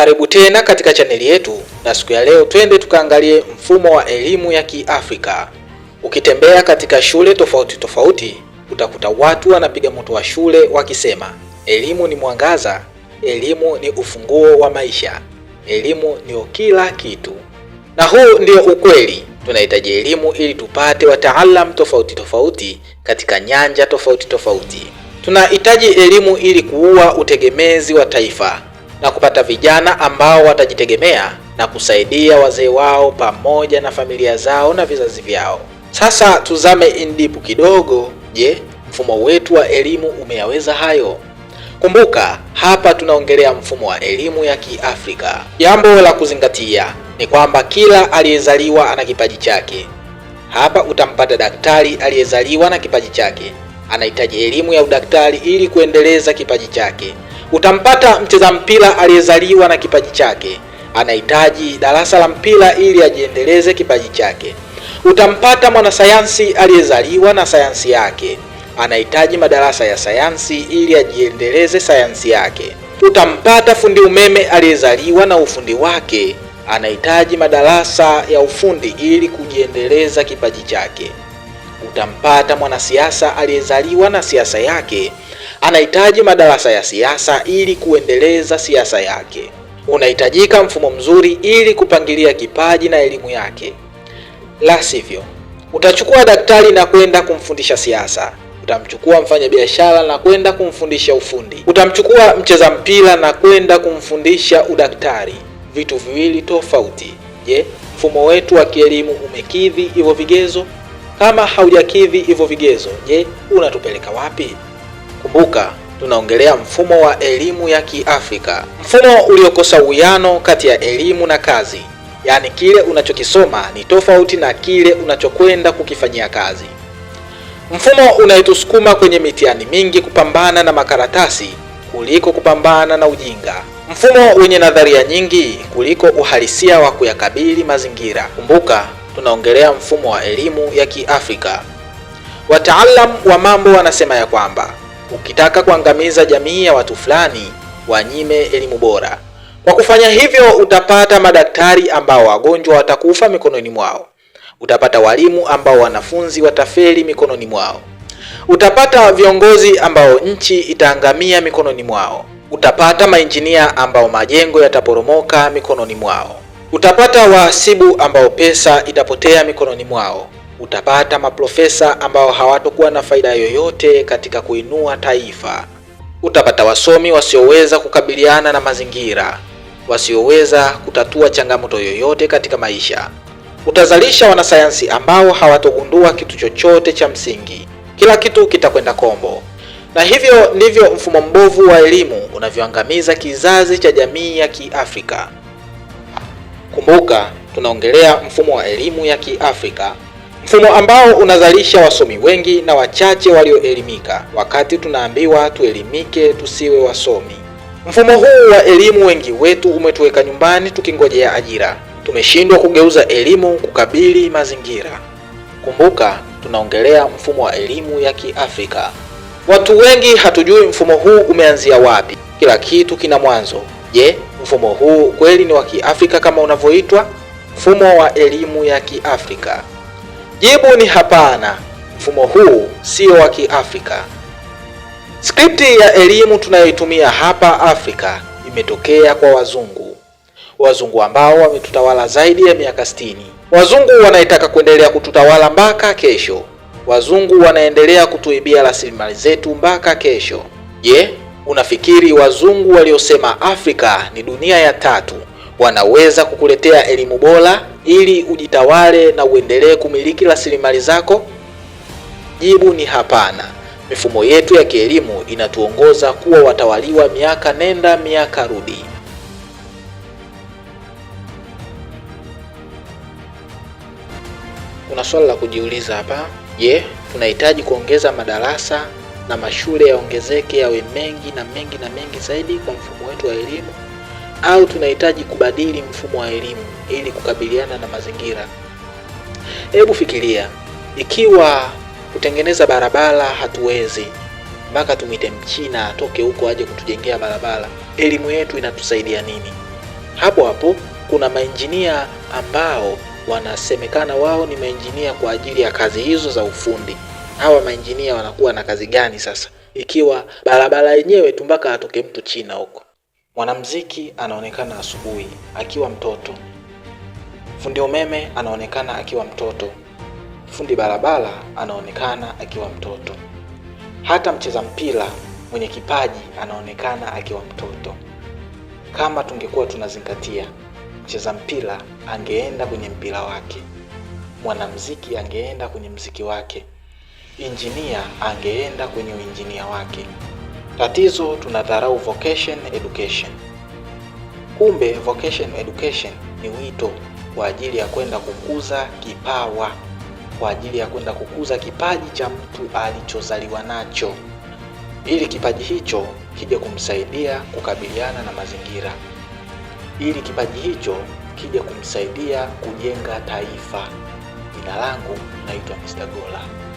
Karibu tena katika chaneli yetu, na siku ya leo twende tukaangalie mfumo wa elimu ya Kiafrika. Ukitembea katika shule tofauti tofauti, utakuta watu wanapiga moto wa shule wakisema, elimu ni mwangaza, elimu ni ufunguo wa maisha, elimu ndio kila kitu. Na huu ndio ukweli. Tunahitaji elimu ili tupate wataalam tofauti tofauti katika nyanja tofauti tofauti. Tunahitaji elimu ili kuua utegemezi wa taifa na kupata vijana ambao watajitegemea na kusaidia wazee wao pamoja na familia zao na vizazi vyao. Sasa tuzame in deep kidogo. Je, mfumo wetu wa elimu umeyaweza hayo? Kumbuka hapa tunaongelea mfumo wa elimu ya Kiafrika. Jambo la kuzingatia ni kwamba kila aliyezaliwa ana kipaji chake. Hapa utampata daktari aliyezaliwa na kipaji chake anahitaji elimu ya udaktari ili kuendeleza kipaji chake. Utampata mcheza mpira aliyezaliwa na kipaji chake, anahitaji darasa la mpira ili ajiendeleze kipaji chake. Utampata mwanasayansi aliyezaliwa na sayansi yake, anahitaji madarasa ya sayansi ili ajiendeleze sayansi yake. Utampata fundi umeme aliyezaliwa na ufundi wake, anahitaji madarasa ya ufundi ili kujiendeleza kipaji chake utampata mwanasiasa aliyezaliwa na siasa yake. Anahitaji madarasa ya siasa ili kuendeleza siasa yake. Unahitajika mfumo mzuri ili kupangilia kipaji na elimu yake, la sivyo utachukua daktari na kwenda kumfundisha siasa, utamchukua mfanyabiashara na kwenda kumfundisha ufundi, utamchukua mcheza mpira na kwenda kumfundisha udaktari, vitu viwili tofauti. Je, mfumo wetu wa kielimu umekidhi hivyo vigezo? Kama haujakidhi hivyo vigezo, je, unatupeleka wapi? Kumbuka tunaongelea mfumo wa elimu ya Kiafrika, mfumo uliokosa uwiano kati ya elimu na kazi, yaani kile unachokisoma ni tofauti na kile unachokwenda kukifanyia kazi. Mfumo unayetusukuma kwenye mitihani mingi kupambana na makaratasi kuliko kupambana na ujinga, mfumo wenye nadharia nyingi kuliko uhalisia wa kuyakabili mazingira. Kumbuka tunaongelea mfumo wa elimu ya Kiafrika. Wataalam wa mambo wanasema ya kwamba ukitaka kuangamiza jamii ya watu fulani, wanyime elimu bora. Kwa kufanya hivyo, utapata madaktari ambao wagonjwa watakufa mikononi mwao, utapata walimu ambao wanafunzi watafeli mikononi mwao, utapata viongozi ambao nchi itaangamia mikononi mwao, utapata mainjinia ambao majengo yataporomoka mikononi mwao. Utapata wahasibu ambao pesa itapotea mikononi mwao. Utapata maprofesa ambao hawatokuwa na faida yoyote katika kuinua taifa. Utapata wasomi wasioweza kukabiliana na mazingira, wasioweza kutatua changamoto yoyote katika maisha. Utazalisha wanasayansi ambao hawatogundua kitu chochote cha msingi. Kila kitu kitakwenda kombo, na hivyo ndivyo mfumo mbovu wa elimu unavyoangamiza kizazi cha jamii ya Kiafrika. Kumbuka tunaongelea mfumo wa elimu ya Kiafrika, mfumo ambao unazalisha wasomi wengi na wachache walioelimika, wakati tunaambiwa tuelimike, tusiwe wasomi. Mfumo huu wa elimu wengi wetu umetuweka nyumbani tukingojea ajira. Tumeshindwa kugeuza elimu kukabili mazingira. Kumbuka tunaongelea mfumo wa elimu ya Kiafrika. Watu wengi hatujui mfumo huu umeanzia wapi. Kila kitu kina mwanzo. Je, Mfumo huu kweli ni wa Kiafrika kama unavyoitwa mfumo wa elimu ya Kiafrika? Jibu ni hapana, mfumo huu sio wa Kiafrika. Skripti ya elimu tunayoitumia hapa Afrika imetokea kwa wazungu, wazungu ambao wametutawala zaidi ya miaka 60. Wazungu wanaitaka kuendelea kututawala mpaka kesho. Wazungu wanaendelea kutuibia rasilimali zetu mpaka kesho. Je, yeah, Unafikiri wazungu waliosema Afrika ni dunia ya tatu wanaweza kukuletea elimu bora ili ujitawale na uendelee kumiliki rasilimali zako? Jibu ni hapana. Mifumo yetu ya kielimu inatuongoza kuwa watawaliwa miaka nenda miaka rudi. Kuna swali la kujiuliza hapa. Je, tunahitaji kuongeza madarasa na mashule yaongezeke yawe mengi na mengi na mengi zaidi kwa mfumo wetu wa elimu, au tunahitaji kubadili mfumo wa elimu ili kukabiliana na mazingira? Hebu fikiria, ikiwa kutengeneza barabara hatuwezi mpaka tumwite mchina atoke huko aje kutujengea barabara, elimu yetu inatusaidia nini? Hapo hapo kuna mainjinia ambao wanasemekana wao ni mainjinia kwa ajili ya kazi hizo za ufundi hawa mainjinia wanakuwa na kazi gani sasa, ikiwa barabara yenyewe tu mpaka atoke mtu China huko. Mwanamuziki anaonekana asubuhi akiwa mtoto, fundi umeme anaonekana akiwa mtoto, fundi barabara anaonekana akiwa mtoto, hata mcheza mpira mwenye kipaji anaonekana akiwa mtoto. Kama tungekuwa tunazingatia, mcheza mpira angeenda kwenye mpira wake, mwanamuziki angeenda kwenye mziki wake injinia angeenda kwenye uinjinia wake. Tatizo tunadharau vocation education. Kumbe vocation education ni wito kwa ajili ya kwenda kukuza kipawa, kwa ajili ya kwenda kukuza kipaji cha mtu alichozaliwa nacho, ili kipaji hicho kije kumsaidia kukabiliana na mazingira, ili kipaji hicho kija kumsaidia kujenga taifa. Jina langu naitwa Mr. Gola.